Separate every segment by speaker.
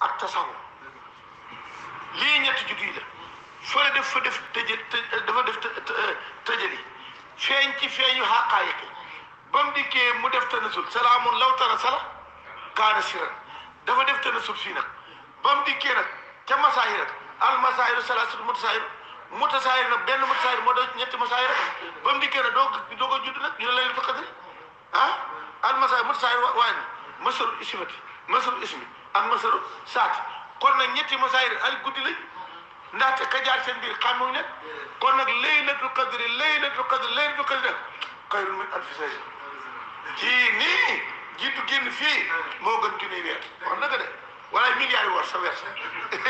Speaker 1: ak cosaan lii ñetti juddu yi la fële def fa def tëjë dafa def tëjëli feeñ ci feeñu xaqaayiq ba mu def mu def tanasul salaamun law tara sala kaana siran dafa def tanasul fii nag ba mu dikkee nag ca masaahir nag al masaahiru salaasatu mutasaahiru mutasaahir nag benn mutasaahir moo doon ñetti masaahir rek ba mu dikkee nag doo doo ko judd nag ñu ne laylatul qadri ah? al masaahir mutasaahir waañ masaru ismati masaru ismi am masaru saati kon nag ñetti masaayir alif guddi lañ ndaxte ka jaar seen biir xamuñ nag kon nag laylatul qadri laylatul qadri laylatul qadri xayrun min alfi sayr ji nii jiitu génn fii moo gën junni weer wax na ko de wala milliards weer sa weer sa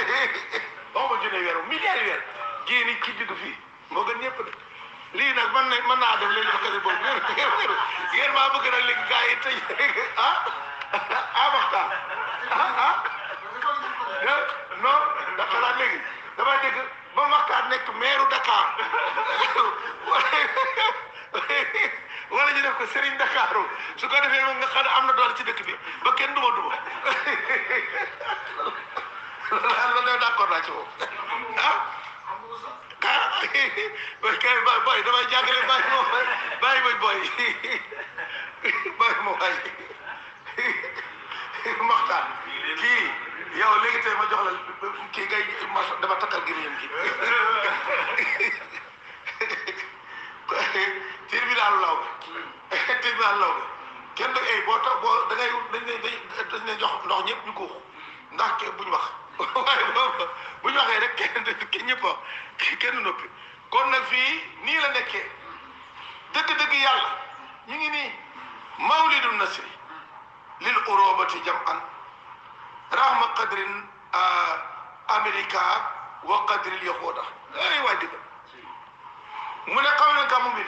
Speaker 1: waxuma junni weer milliards weer ji nii ci digg fii moo gën ñëpp de lii nag man na mën naa def laylatul qadri boobu yéen maa bëgg nag léegi gars yi tey ah ah ah ah non ndax xanaa léegi damay dégg ba Makhtar nekk maire Dakar wala ñu def ko Serigne Dakaru su ko defee moom nga xam ne am na doole ci dëkk bi ba kenn duma duma loolu la d'accord naa ci moom ah ah kay bàyyi booy damay jàngale bàyyi moom bàyyi booy bàyyi moom bàyyi. yow léegi tey ma jox la kii ngay ma dama takkal gëriñam gi tiir bi daal law ba tiir bi daal law ba kenn da ay eh, boo tax boo da dañ dañ ne dañ ne jox ndox ñëpp ñu ko ndax ke buñ wax waaye boobu bu ñu waxee rek kenn ki ñëpp wax kenn noppi kon na fii nii la nekkee dëgg-dëgg yàlla ñu ngi nii mawlidun nasri lil urobati jam an rahma qadrin euh, america wa qadril yahuda ay waay dëgg mu ne xam na gàmmu bi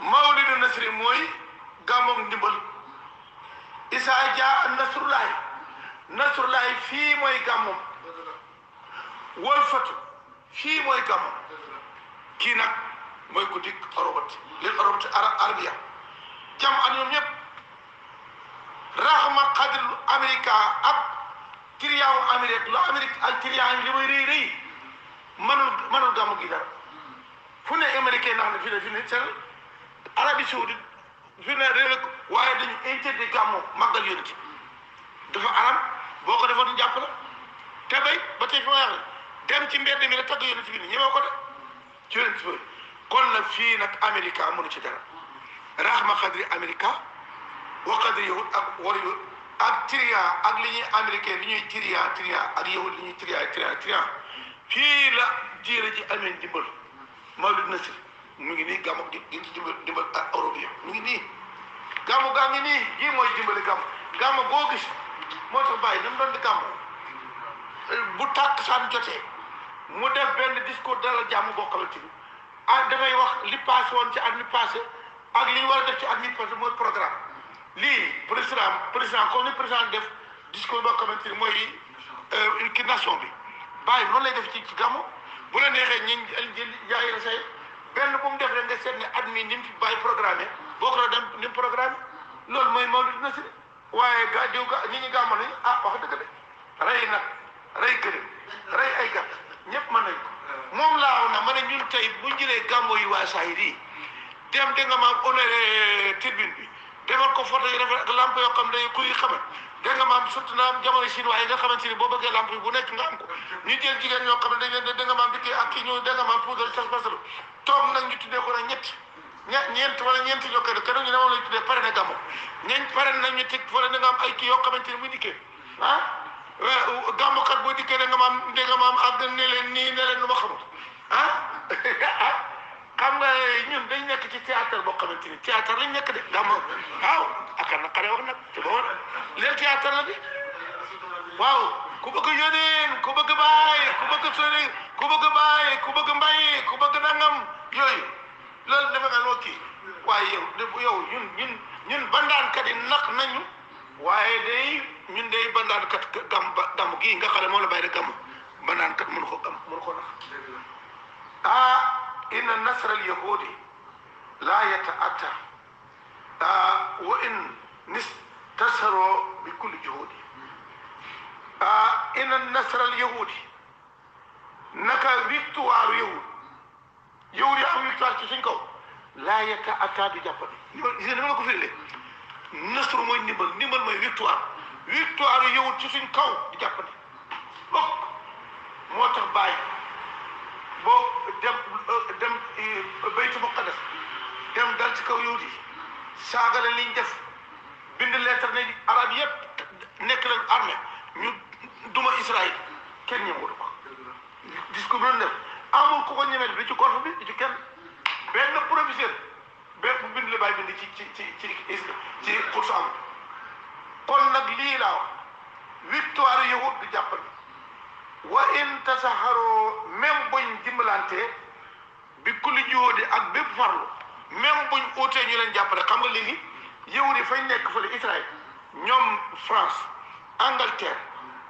Speaker 1: mawlidu nasri mooy gàmmoog ndimbal isa jaa nasrullahi nasrullahi fii mooy gàmmoom wal fatu fii mooy gàmmoom kii nag mooy guddi arobati lil arobati arabia jam an ñoom ñëpp raxma xadru Amérique ak trian wu Amérique lu Amérique ak trian yi li muy rëy rëy mënul mënul gàmmu gi dara fu ne américain nax ne fi ne fi ne seen Arabie Saoudite fi ne réer waaye dañu interdit gàmmu màggal yonent dafa aram boo ko defoon jàpp la te bay ba tey fi ma wax dem ci mbedd mi la tagg yonent bi ni ñëwee ko de ci yonent bi kon nag fii nag Amérique mënu ci dara raxma xadri Amérique waqadri yahud ak war yahud ak ak li ñuy américain li ñuy tria tria ak yahud li ñuy tria tria tria fii la jiire ji amee dimbal na Nasir mu ngi nii gàmmu gi gi dimbal dimbal ak Europe mu ngi nii gàmmu gaa ngi nii jii mooy dimbali gis moo tax bàyyi na mu doon di gàmmu bu tàkk saan jotee mu def benn discours dala jàmm boo xamante ni ah dafay wax li passé woon ci at mi passé ak li ñu war a def ci ak mi passé mooy programme lii président président comme ni président def discours boo xamante ni mooy euh, ki nation bi bàyyi noonu lay def ci ci gàmmu bu la neexee ñi jël yaay la say benn bu def rek nga seet at mi ni mu fi bàyyi boo dem ni mu programme waaye ga diw ga ñi ñu gàmmu nañu ah wax ay gàtt ñëpp mën nañ moom laa wax na ma ne ñun tey bu ñu jëlee gàmmu yi waa Sahir yi dem da nga ma honoré euh, tribune bi. defal ko photo yi rafet ak lamp yoo xam day kuy xamal dégg nga maam surtout naam jamono siin waaye nga xamante ni boo bëggee lamp yi bu nekk nga am ko ñu jël jigéen ñoo xam ne dañ leen di dégg nga maam dikkee ak ki ñu dégg nga maam poudre sas basalu toog nag ñu tuddee ko nag ñett ña ñeent wala ñeent ñoo koy def kenn ñu ne moom lañ tuddee pare na gàmmu ñeñ pare na ñu teg wala da nga am ay kii yoo xamante ni muy dikkee ah euh, gàmmukat boo dikkee da nga maam da nga maam àgg ne leen nii ne leen nu ma xamul ah, ah? nekk ci théâtre boo xamante ni théâtre lañ nekk de gàmmu waaw ak na xare wax nag te ba war léegi théâtre la de waaw ku bëgg yóneen ku bëgg baay ku bëgg sori ku bëgg baay ku bëgg mbay ku bëgg nangam yooyu loolu dafa nga loo kii waaye yow yow ñun ñun ñun bandaankat yi nax nañu waaye day ñun day bandaankat gam gam gii nga xam ne moo la bàyyi rek gam bandaankat mënu ko gam mënu ko nax ah inna nasra al yahudi لا يتأتى آه وإن نستسر بكل جهود آه إن النسر اليهودي نكا ويكتوار يهود يهودي أم ويكتوار تشنكو لا يتأتى بجفن إذا نمنا كفر نصر موي نمبل نمبل موي ويكتوار ويكتوار يهود تشنكو بجفن bokk moo tax bàyyi boo dem dem baytu muqaddas dem dal ci kaw yahudi yi saaga leen liñ def bind lettre ne ñu duma Israël kenn ñëwul ko discours bi def amul ku ko ñemee bi ci golf bi ci kenn benn professeur benn bu bind la ci ci kon nag lii laa wax victoire yahud du jàppal wa in tasaxaroo même buñ dimbalante bi kulli juhudi ak bépp farlu même buñ uutee ñu leen jàppale xam nga léegi yow yi fañ nekk fële Israël ñoom France Angleterre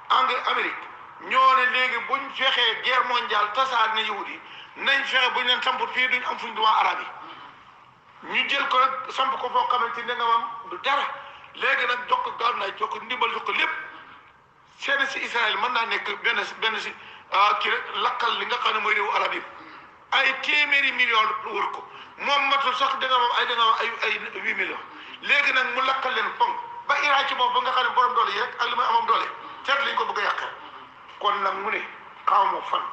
Speaker 1: Angle Amérique ñoo ne léegi buñ fexee guerre mondiale tasaar ne yahud yi nañ fexe buñ leen samp fii duñ am fuñ du waa arab yi ñu jël ko rek samp ko foo xamante ne nga am dara léegi nag jox ko gaaw naay jox ko ndimbal jox ko lépp seen si Israël mën naa nekk benn benn si ah, kii lakkal li nga xam ne mooy réewu arab yi ay téeméeri million wër ko moom matul sax da nga moom ay da nga ay ay huit millions léegi nag mu lakkal leen poŋ ba Iran ci moom ba nga xam ne borom doole yeeg ak li may amoon doole seet lañ ko bëgg a yàqal kon nag mu ne xaw mo fan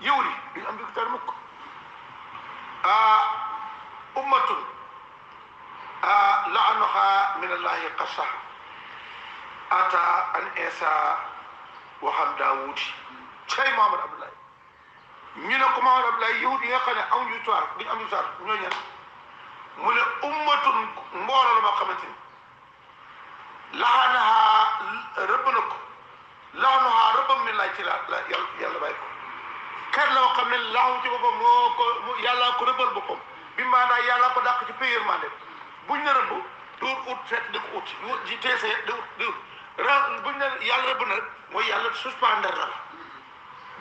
Speaker 1: yow li di am victoire mukk ah ummatun ah la'anuha min allahi qasa ata an isa waxam daawuti cay Muhammad Abdullah ñu ne ko maa rab lay yahud yi nga xam ne amuñu histoire bi ñu am histoire ñoo ñan mu ne ummatun mbooloo la moo xamante ni laxaanaxaa rëbb na ko laxaanaxaa rëbbam mi laaj ci la la yàlla yàlla bàyyi ko kat la moo xam ne laxu ci moo ko yàllaa ko rëbbal boppam bi maanaam yàllaa ko dàq ci payeur maa dem buñ ne rëbb duur ut seet di ko ut ji teesee di ut di ut ra buñ ne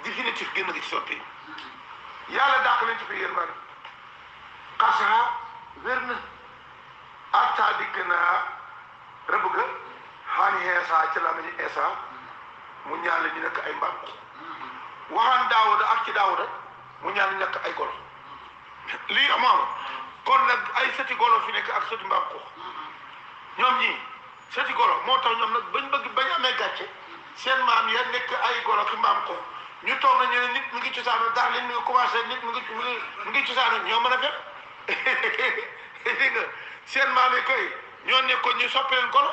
Speaker 1: définitif génn nga ci sotti yàlla dàq leen ci fa yërmande xasaa wér na arta dikk naa rëbb ga xaani heesa ci lamañu eesa mu ñaan la nekk ay mbaam waxaan daawuda ak ci daawuda mu ñaan ñu nekk ay golo lii amaam kon nag ay sëti golo fi nekk ak sëti mbaam ko ñoom ñii sëti golo moo tax ñoom nag bañ bëgg bañ amee gàcce seen maam ya nekk ay golo ki mbaam ko ñu toog na ñu ne nit mu ngi cosaanu daal li ñu commencé nit mu ngi mu ngi mu ngi cosaanu ñoo mën a fépp dégg nga seen maam yi koy ñoo nekkoon ñu soppi leen kolo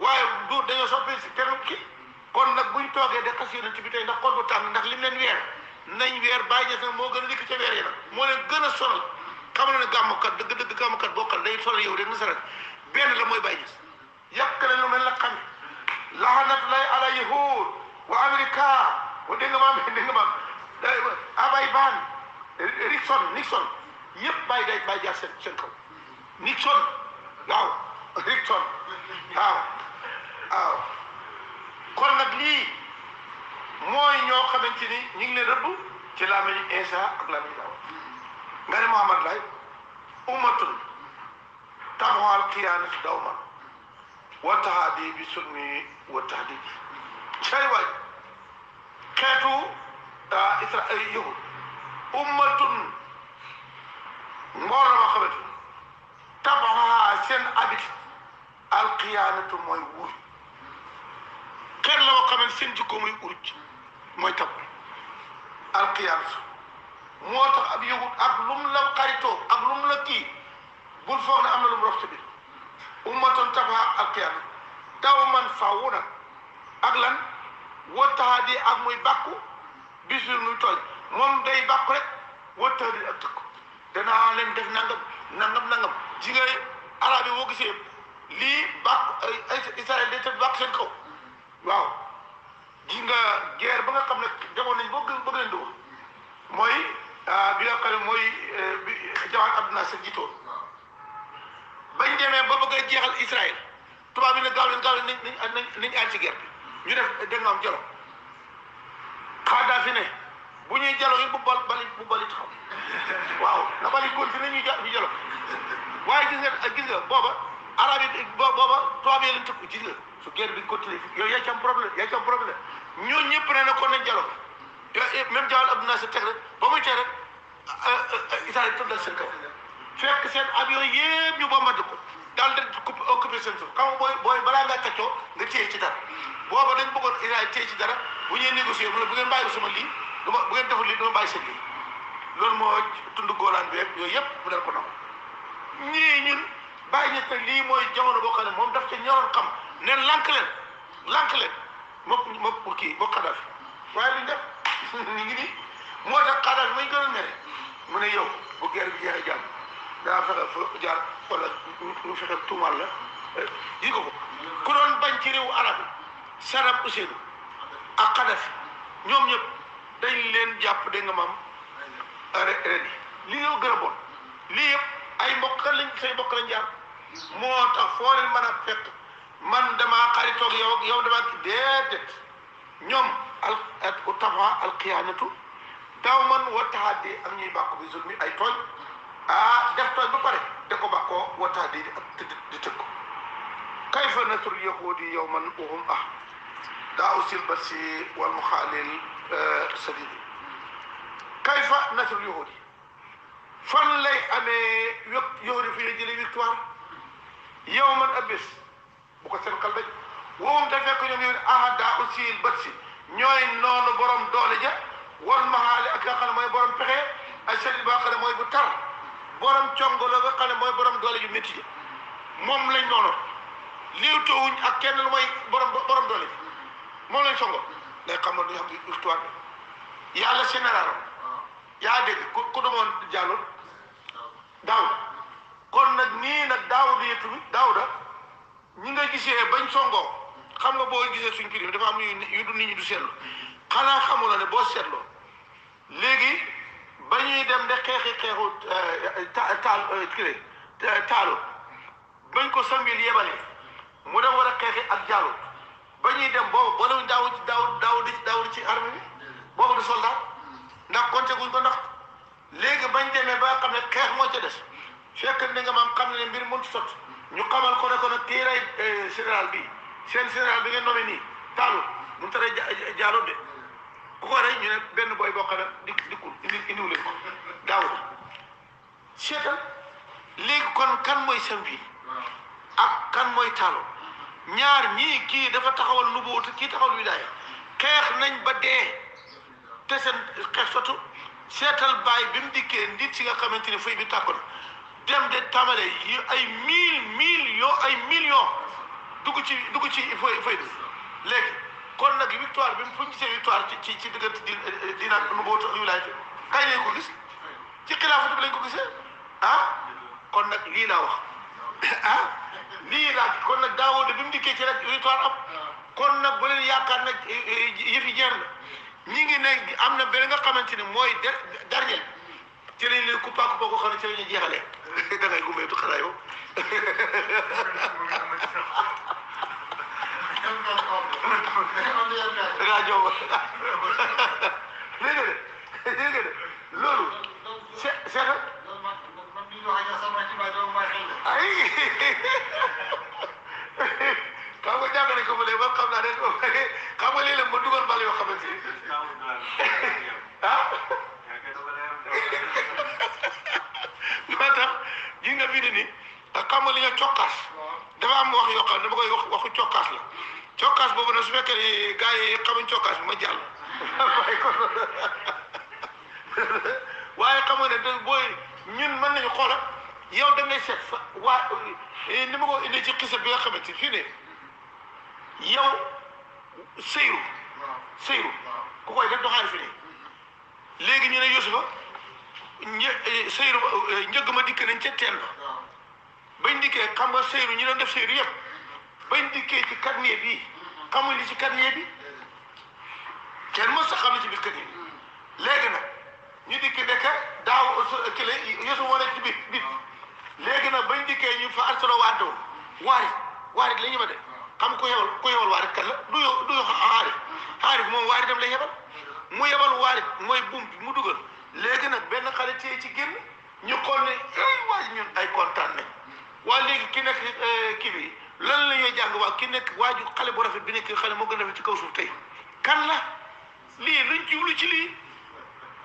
Speaker 1: waaye du dañoo soppee si teru ki kon nag buñ toogee de xas yéen ci bi tey ndax xol bu tàng ndax lim leen weer nañ weer bàyyi ñes nag moo gën a dikk ca weer yi nag moo leen gën a sonal xam na ne gàmmukat dëgg dëgg gàmmukat bokkal day sonal yow de nasaral benn la mooy bàyyi ñes yàq na lu mel la xam laxanat lay ala o dégg nga maam dégg nga maam abay ah, baan Nixon Nixon yëpp bàyyi day bàyyi jaar seen seen kaw Nixon waaw Nixon waaw waaw nag lii mooy ñoo xamante ni ñu ngi leen rëbb ci làmmiñ Insa ak làmmiñ Daawa nga ne Muhammad lay ummatun taxawal xiyaanat dawman wa taxaadi bi sunni wa taxdiidi Isra ay yahud ummatun mbooloo ma xamante ni tabaxaa seen habitude alxiyaanatu mooy wuur xeet la boo xamante seen jikko muy uruj mooy tab alxiyaanatu moo tax ab yahud ak lum la xaritoo ak lum la kii bul foog ne am na lu mu rafetlu ummatun tabaxaa alxiyaanatu daw man faawu na ak lan woo taxaa di ak muy bàkku gisul muy tooñ moom day bàkku rek wëttal di leen def nangam nangam nangam ji nga arab yi boo gisee lii bàkku Israël day tëb bàkku seen kaw waaw ji nga guerre ba nga xam ne demoon nañ boo bëgg leen di mooy ah, bi nga xam ne mooy eh, bi Jawaan Abdu Naasir jiitoon bañ demee ba bëgg a jeexal Israël tubaab yi ne gaaw leen gaaw leen nañ nañ nañ ànd ci guerre bi ñu def dégg am jolo xaadaa fi ne bu ñuy jalo bu bal balit bu balit xam waaw na balit continué ñu ja ñu jalo waaye gis nga gis booba arab yi booba tubaab yi lañ tëkku gis nga su guerre bi continué yooyu yaa ci am problème yaa ci am problème ñooñu ñëpp nee na kon nañ jalo te eh, même Jawal Abdou Nasser teg rek ba muy teg rek euh, euh, euh, Italie tëddal seen kaw fekk seen avion yëpp ñu bombardé ko. daal de occupé seen suuf xam nga booy booy balaa ngaa kaccoo nga téye ci dara booba dañ bëggoon Israël téye ci dara bu ñuy négocier mu ne bu ngeen bàyyi sama lii dama bu ngeen deful loolu moo tund góolaan bi yëpp yooyu yëpp mu dal ko nangu ñii ñun bàyyi ñett nag lii mooy jamono boo xam ne moom daf ca ñoroon xam ne lànk leen lànk leen mook mook pour kii mook Kadhafi waaye luñ def ñu ngi nii moo tax Kadhafi mañ gën a mere mu ne yow bu guerre bi jeexee jàmm daa fexe fa jaar wala lu eh, yi ko ko ku doon bañ ci réewu arab yi Saddam Hussein ak Kadhafi ñoom ñëpp leen jàpp dégg nga maam ren yi li yow gën lii yëpp ay mbokk lañ say mbokk lañ jaar moo tax foo leen mën a man damaa xaritoog yow yow damaa ñoom al tafa al qiyaanatu daaw man wa taxaadi am ñuy bàkku bi zulmi ay tooñ ah def tooñ ba pare da ko bakkoo wataa di di tëgg kay fa nasrul yahudi yow man uhum ah daaw silbasi wal muxaalil sadidi kay fa nasrul yahudi fan lay amee yëpp yahudi fi nga jëlee victoire yow man ab bés bu ko seen xel daj woowum te fekk ñoom yahudi ah daaw silbasi ñooy noonu borom doole ja wal muxaali ak nga xam ne mooy borom pexe ak sadid boo xam ne mooy bu tar borom congo la nga xam ne mooy borom doole yu métti moom lañ noonu liiw towuñ ak kenn lu mooy borom borom doole moom lañ songo day xam ne du ñu xam histoire bi yàlla général yaa dégg ku ku demoon jàllul daaw kon nag nii nag daaw di yëttu daaw da ñu nga gisee bañ songoo xam nga boo gisee suñ prix dafa am yu du nit ñi du seetlu xanaa xamuloo ne boo seetloo léegi. ba ñuy dem de xeexi xeexu euh, ta taal euh, kii euh, bañ ko sambil yebalee mu dem war a xeexi ak jaalu ba ñuy dem boobu wala daawu ci daaw daaw di daaw ci armée boo boobu du na ndax compté guñ ko ndax bañ demee ba nga xam ne xeex moo ca des fekk ni nga maam xam ne mbir mënut sot ñu xamal ko ne ko nag kii rey général bi seen général bi ngeen nommé nii taalu mënut a rey jaalu de. ku ko rey ne benn booy bokk na di dikkul indi indiwu leen ko daawul seetal léegi kon kan mooy sën bi ak kan mooy taalo ñaar ñii kii dafa taxawal nubuwatu kii taxawal wilaaya xeex nañ ba dee te seen xeex sotu seetal baay bi mu dikkee nit si nga xamante ni fay bi tàkkoon dem de tamale yi ay mille millions ay millions dugg ci dugg ci fay fay léegi kon nag victoire bi fu ñu gisee victoire ci ci ci diggante di diina nu bootu ak wilaay kay lañ ko gis ci xilaafatu bi lañ ko gisee ah kon nag lii laa wax ah lii laa kon nag daawoo de bi mu dikkee ci rek victoire am kon nag bu leen yaakaar nag eh, eh, yëf yi jeex na ñi ngi ne am na benn nga xamante ne mooy dernier ci lañ leen kuppa kuppa ko xam ne ci la ñuy jeexalee da ngay gumbeetu xanaa yow rajo dégg nga dégg nga loolu. se seqal. ay xam nga jàng ko ba léegi man xam naa ne xam nga dugal mbal yoo xamante ni ah. nga bind ni xam nga dafa am wax koy wax waxu la. cokkaas boobu nag su fekkee ni gars yi xamuñ cokkaas bi ma jàll waaye xamoo ne da booy ñun mën nañu xoola yow da ngay seet fa eh, ni ma ko indi ci xisa bi nga xamante fii ne yow sëyru sëyru ku koy def doxaari fi ne léegi ñu ne Yuusufa një eh, sëyru eh, njëgg ma dikk nañ ca teen ba bañ dikkee xam nga sëyru ñu doon def sëyru yëpp bañ dikkee ci carnet bi xamuñ li ci carnet bi kenn mës a xam li ci biir carnet bi léegi nag ñu dikki nekk daaw kële yosu moo nekk ci biir léegi nag bañ dikkee ñu fa arsalo waa doon waarit waarit ma de xam ku yebal ku yebal waarit kan la du yo du yo xaarif xaarif moom waaritam la yebal mu yebal waarit mooy buum bi mu dugal léegi nag benn xale téye ci génn ñu xool ne ay eh, waay ñun ay kontaan nañ waaye léegi ki nekk eh, kii bi lan la ñuy jàng waa ki nekk waaju xale bu rafet bi nekk xale moo gën a ci kaw suuf tey kan la lii luñ jublu ci lii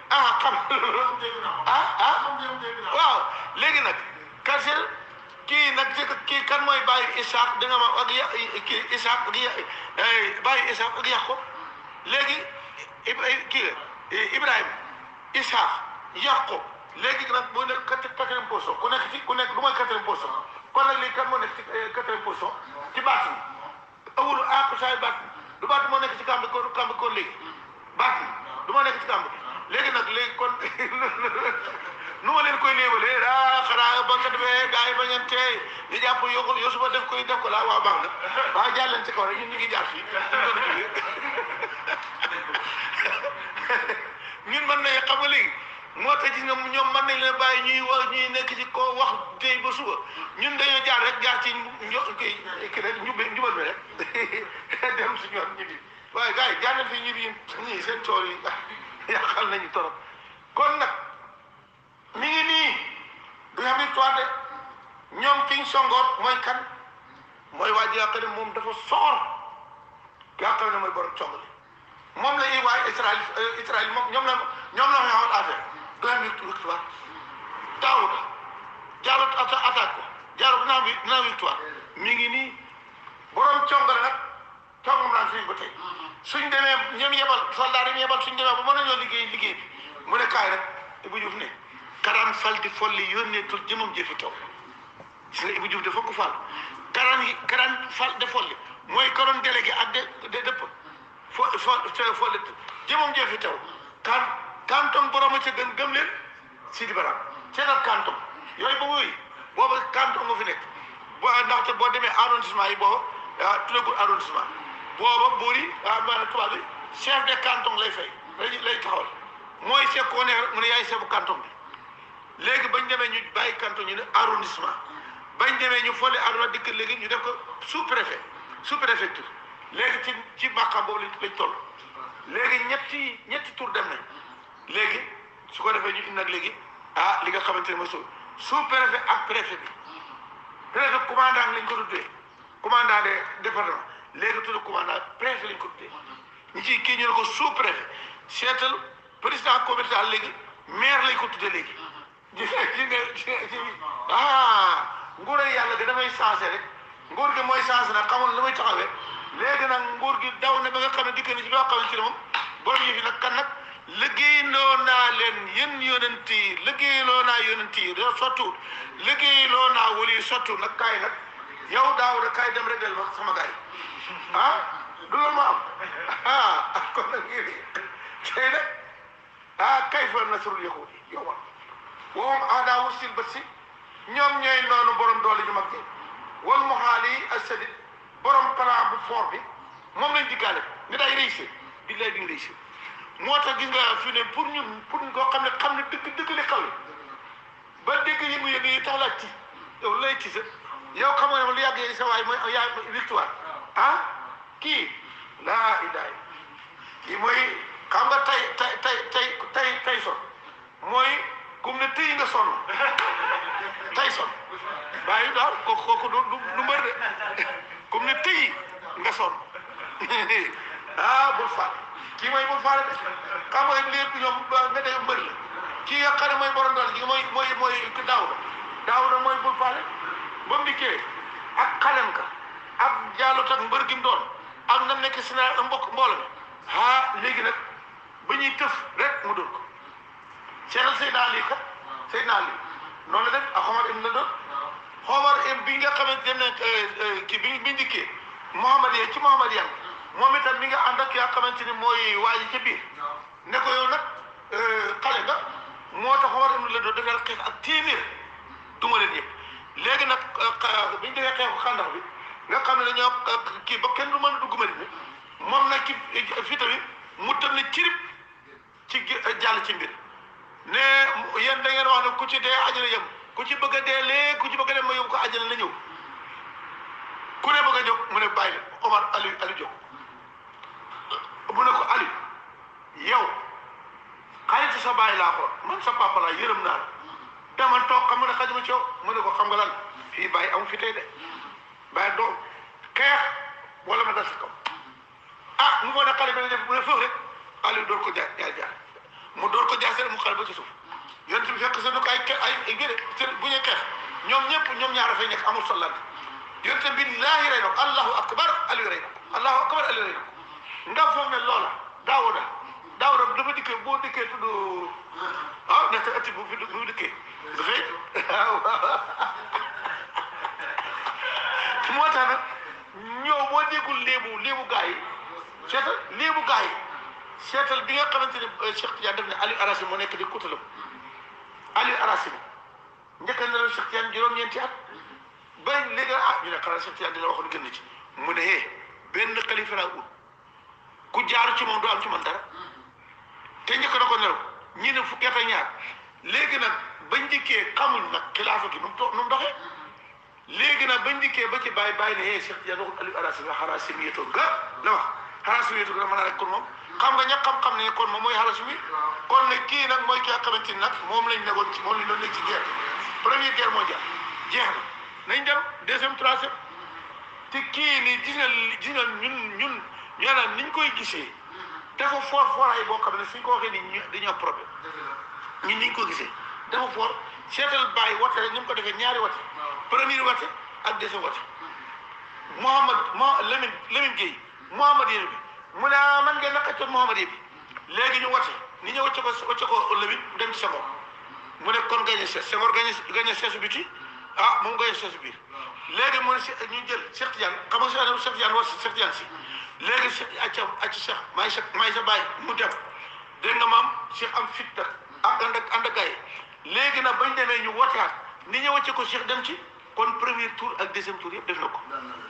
Speaker 1: ah xam ah, ah. waaw léegi nag kasel kii nag kii kan mooy bàyyi Isaaq da nga ma ak ya kii Isaaq ak ya bàyyi Isaaq ak Yaqub léegi kii Ibrahima Isaaq Yaqub léegi nag boo nekk quatrième position ku nekk ci ku nekk du mooy quatrième position kon nag lii kan moo nekk ci euh, quatrième position ci baat bi awul encouragé baat bi du baat bi moo nekk ci kàmb ko kàmb ko léegi baat bi du moo nekk ci kàmb léegi nag léegi kon nu ma leen koy léebalee daa xanaa ba nga demee gars yi ba ngeen tey ñu jàpp yoo ko suba def koy def ko laa waa baax na waaw jaar leen ci kaw rek ñun ñu ngi jaar fii ñun mën nañu xam nga léegi moo tax gis nga ñoom mën nañ leen bàyyi ñuy wax ñuy nekk ci ko wax tey ba suba ñun dañoo jaar rek jaar ci njo kii rek njubal njubal bi rek dem suñu yoon ñibbi waaye gars yi jaar nañ fi ñibbi ñii seen tool yi ah yàqal nañu torop kon nag mi ngi nii du xam ne toile ñoom kiñ songoor mooy kan mooy waa ji nga xam ne moom dafa soor yaa xam ne mooy borom cong li moom la ñuy waay Israël Israël moom ñoom la ñoom la waxee woon affaire. plein mille victoire Daouda jaarut attaque naa bi naa victoire mi ngi nii borom congara nag congam naan suñ ba tey suñ demee ñoom yebal soldat yi yebal suñ demee ba mën ñoo liggéey liggéey bi mu ne kaay rek Ibou Diouf ne karaan fal di folli yónnee tur jëmam jëfi taw gis nga Ibou Diouf dafa ko fal karaan yi karaan fal de folli mooy karoon délégué ak de de dëpp fo fo folli jëmam jëfi taw kan kanton borom a ca gën gëm leen Sidi Barham seenal kanton yooyu ba wuy booba kanton nga fi nekk bo ndaxte boo demee arrondissement yi boo ah bu arrondissement booba buur yi ah maanaam tubaab de canton lay fay lay lay taxawal mooy chef koo neex rek mu ne yaay chefu canton bi léegi bañ demee ñu bàyyi canton ñu ne arrondissement bañ demee ñu folle arrondissement dikk léegi ñu def ko sous préfet sous préfecture léegi ci ci maqam boobu lañ toll léegi ñetti ñetti tur dem nañ. léegi su ko defee ñu indi nag léegi ah li nga xamante ne mooy sous sous préfet ak préfet bi préfet commandant lañ ko tuddee commandant de département léegi tudd commandant préfet lañ ko tuddee ñu ciy kii ñu ne ko sous préfet seetal président commercial léegi maire lañ ko tuddee léegi. di di di ah nguur yi yàlla gi dafay changé rek nguur gi mooy changé nag xamoon lu muy taxawee léegi nag nguur gi daw na ba nga xam ne dikk na ci loo xamante ne moom boobu yëf yi nag kan nag. liggéeyloo naa leen yén yonent yi liggéeyloo naa yonent yi da sottuwut liggéeyloo naa wali nag kaay yow daaw da kaay dem rek del sama gaay ah du loolu ma am ah kon nag ngeen tey nag ah kayfa nasrul yahudi yow wa ah. wahum ñoom ñooy noonu borom doole ñu mag ji wal muhaali borom plan bu fort moom lañ diggaale ni day réussir bi lay di réussir moo tax gis nga fi ne pour ñu pour ñu koo xam ne xam ne dëgg dëgg li xaw ba dëgg yëngu-yëngu yi tax ci yow lay ci sa yow xam nga lu yàgg sa waay mooy yaa victoire ah kii laa idaay kii mooy xam nga tey tey tey tey tey tey son mooy comme ne tey nga sonn tey son bàyyi daal kooku kooku du du mbër de comme ne tey nga sonn ah bul fàtte kii mooy bul faale xam nga lépp ñoom nga def mbër la kii nga xam ne mooy mooy mooy mooy Daouda Daouda mooy bul faale ba mu dikkee ak xalem ka ak jaalut ak mbër gi mu doon ak nam nekk si naa mbokk mbooloo ah léegi nag ba ñuy tëf rek mu dóor ko Cheikh Seydina Ali kat Seydina Ali noonu la def ak Omar ibn la doon Omar bi nga xamante dem na euh, euh, kii bi bi ndikkee Mouhamad ci Mouhamad yàlla moom itam mi nga ànd ak yaa xamante ni mooy waa ji ci biir ne ko yow nag euh, xale nga moo tax war am le doo defal xeex ak téeméer du ma leen yëpp léegi nag euh, bi ñu defee xeexu xàndax bi nga xam ne dañoo euh, kii ba kenn du mën a dugg ma moom nag ki fii tamit mu tëb ne cirib ci jàll ci mbir ne yéen da ngeen wax ne ku ci dee ajana yem ku ci bëgg a dee lee ku ci bëgg a dem ma yóbbu ko ajana la ñëw ku ne bëgg a jóg mu ne bàyyi Omar Aliou Aliou jóg yow xaritu sa bàyyi laa ko man sa papa laa yërëm naa dama toog xam nga xajma coow mu ne ko xam nga lan fii amu am fi tey de doom xeex wala ma dal sa kaw ah mu ngoon a xale bi ne def bu ne door ko jaar mu door ko jaaseel mu xale ba ci suuf yonent bi fekk seen ko ay ay gëre ñoom ñëpp ñoom ñaar fay nekk amul sollat yonent bi laahi rey na ko allahu akbar Aliou rey ko allahu akbar Aliou rey na ne loola daawoo daal daaw rek dafa dikkee boo dikkee tudd ah na sa ëtt bu fi bu dikkee dafay waaw moo tax nag ñoo boo déggul léebu léebu gaa yi seetal léebu gaa yi seetal bi nga xamante ne euh, Cheikh Tidiane def ne Aliou Aracim moo nekk di kutalam Aliou Aracim njëkk na la Cheikh Tidiane juróom-ñeenti at ba léegi ah ñu ne xanaa Cheikh Tidiane dina wax lu gën ci mu ne hee eh, benn xalifa laa ut ku jaar ci moom du am ci man dara. te njëkk na ko nelaw ñi ne fukki at ak ñaar léegi nag bañ dikkee xamuñ nag xilaafa gi nu mu too nu mu doxee léegi nag bañ dikkee ba ci bàyyi bàyyi ne eh Cheikh Tidiane waxul Aliou Arasim la xarasim yéetoo nga la wax xarasim yéetoo nga la mën a rek kon moom xam nga ña xam-xam ne kon moom mooy xarasim yi kon nag kii nag mooy kii nga xamante ni nag moom lañ nekkoon ci moom lañ doon nekk ci guerre première guerre mondiale jeex na nañ dem deuxième troisième te kii nii gis na gis na ñun ñun ñaanaan niñ koy gisee. dafa foor fooraay boo xam ne suñ ko waxee nii dañoo am problème. ñun ni ñu ko gisee. dafa foor seetal bàyyi woote rek ñu ko defee ñaari woote. premier woote ak deuxième woote. Mouhamad Mou Lamine Lamine Gueye Mouhamad yéen bi mu ne ah man ngeen naqari toog Mouhamad yéen bi léegi ñu woote ni ñu wacce ko wacce ko Lamine dem ci Senghor mu ne kon gagné se Senghor gagné gagné seesu biti ah moom gagné seesu biir léegi mu ne ñu jël Cheikh Tidiane xam nga Cheikh Tidiane woote Cheikh Tidiane si. léegi Cheikh acca acca Cheikh may sa may sa bàyyi mu dem dégg nga maam Cheikh am fit nag ak ànd ak ànd ak léegi nag bañ demee ñu wootaat ni ñëw wàcce ko Cheikh dem ci kon premier tour ak deuxième tour yëpp def na ko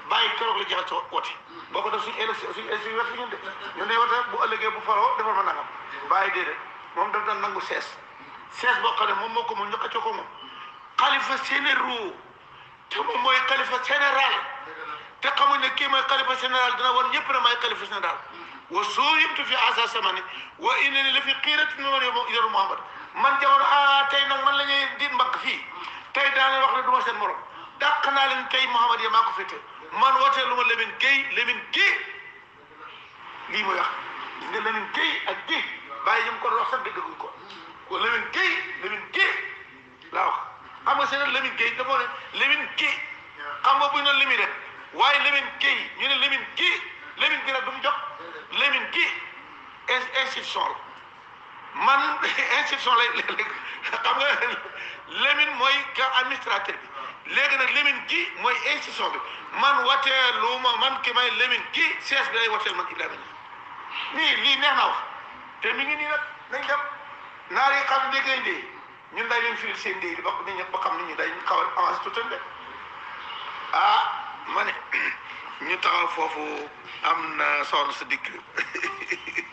Speaker 1: bàyyi keroog la jeexal soo wote boo ko def suñu élection suñu élection wet fi ñun de ñu ne wote bu ëllëgee bu faroo defal ma nangam bàyyi déedéet moom daf daan nangu sees sees boo xam ne moom moo ko mu ñu xëccoo ko moom xalifa sénéro te moom mooy xalifa général te xamuñ ne kii mooy xalifa général dina war ñëpp ne may xalifa général wa suuyibtu fi asa samani wa inni la fi xiiratin man yoru Muhammad man jamono ah tey nag man la ñuy di mbagg fii tey daanaka wax ne du ma seen morom dàq naa leen tey Muhammad ya maa ko féete man wootee lu ma Lamine Gueye Lamine Gueye lii muy wax gis nga Lamine Gueye ak Gueye bàyyi ñu ko wax sax dëggaguñ ko wa Lamine Gueye Lamine Gueye laa wax xam nga seen Lamine Gueye dafa ne Lamine Gueye xam nga buñ ne limi rek. waaye Lamine Gueye ñu ne Lamine Gueye Lamine Gueye nag du mu jox Lamine Gueye institution la man institution lay xam nga Lamine mooy ka administrateur bi léegi nag Lamine Gueye mooy institution bi man wateeluma man ki may Lamine Gueye siège bi lay wateel man Ibrahima nii lii neex na wax te mi ngi nii nag nañ naar yi xam dégg nañ dee ñun dañ leen firil seen dee li ba nit ñi ba xam nit ñu dañ xaw a avancé tuuti ah ma ne ñu taxaw foofu am na soxna sa dikk